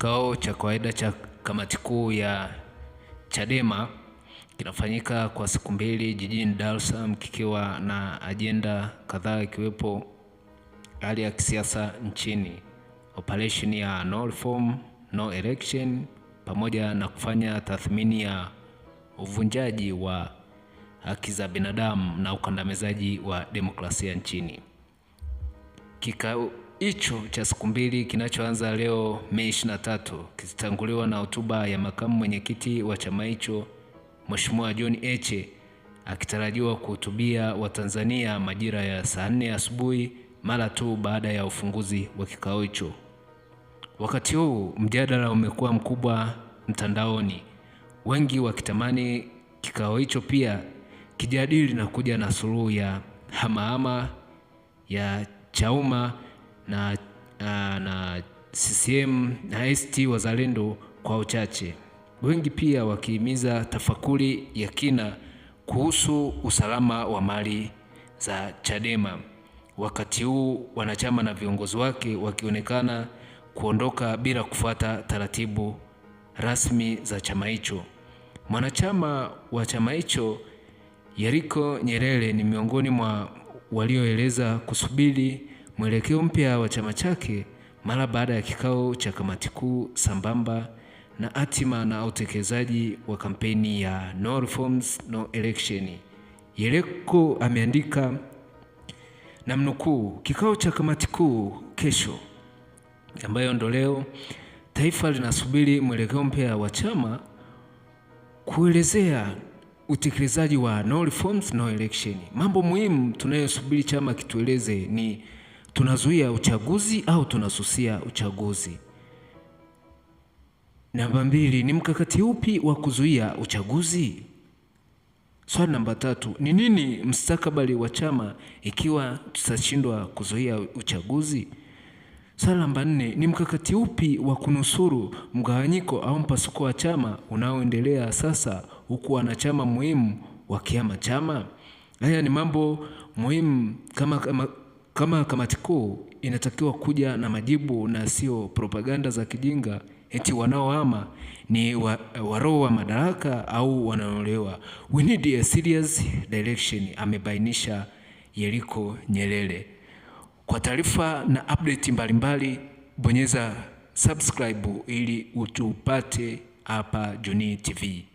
Kikao cha kawaida cha kamati kuu ya Chadema kinafanyika kwa siku mbili jijini Dar es Salaam kikiwa na ajenda kadhaa ikiwepo hali ya kisiasa nchini, operation ya no reform no election, pamoja na kufanya tathmini ya uvunjaji wa haki za binadamu na ukandamizaji wa demokrasia nchini. Kikao hicho cha siku mbili kinachoanza leo Mei 23 kitanguliwa na hotuba ya makamu mwenyekiti wa chama hicho Mheshimiwa John Heche akitarajiwa kuhutubia Watanzania majira ya saa nne asubuhi mara tu baada ya ufunguzi wa kikao hicho. Wakati huu mjadala umekuwa mkubwa mtandaoni, wengi wakitamani kikao hicho pia kijadili na kuja na suluhu ya hamahama ya Chauma na, na, na CCM na ACT Wazalendo kwa uchache, wengi pia wakihimiza tafakuri ya kina kuhusu usalama wa mali za Chadema, wakati huu wanachama na viongozi wake wakionekana kuondoka bila kufuata taratibu rasmi za chama hicho. Mwanachama wa chama hicho Yeriko Nyerere ni miongoni mwa walioeleza kusubiri Mwelekeo mpya wa chama chake mara baada ya kikao cha kamati kuu sambamba na hatima na utekelezaji wa kampeni ya no reforms no election. Yereko ameandika namnukuu, kikao cha kamati kuu kesho, ambayo ndo leo, taifa linasubiri mwelekeo mpya wa chama kuelezea utekelezaji wa no reforms no election. Mambo muhimu tunayosubiri chama kitueleze ni tunazuia uchaguzi au tunasusia uchaguzi? Namba mbili, ni mkakati upi wa kuzuia uchaguzi? Swali namba tatu, ni nini mstakabali wa chama ikiwa tutashindwa kuzuia uchaguzi? Swali namba nne, ni mkakati upi wa kunusuru mgawanyiko au mpasuko wa chama unaoendelea sasa, huku wanachama muhimu wakiama chama? Haya ni mambo muhimu kama, kama kama kamati kuu inatakiwa kuja na majibu na sio propaganda za kijinga eti wanaohama ni wa, waroho wa madaraka au wanaolewa. We need a serious direction, amebainisha Yeriko Nyerere. Kwa taarifa na update mbalimbali, bonyeza subscribe ili utupate hapa Junii TV.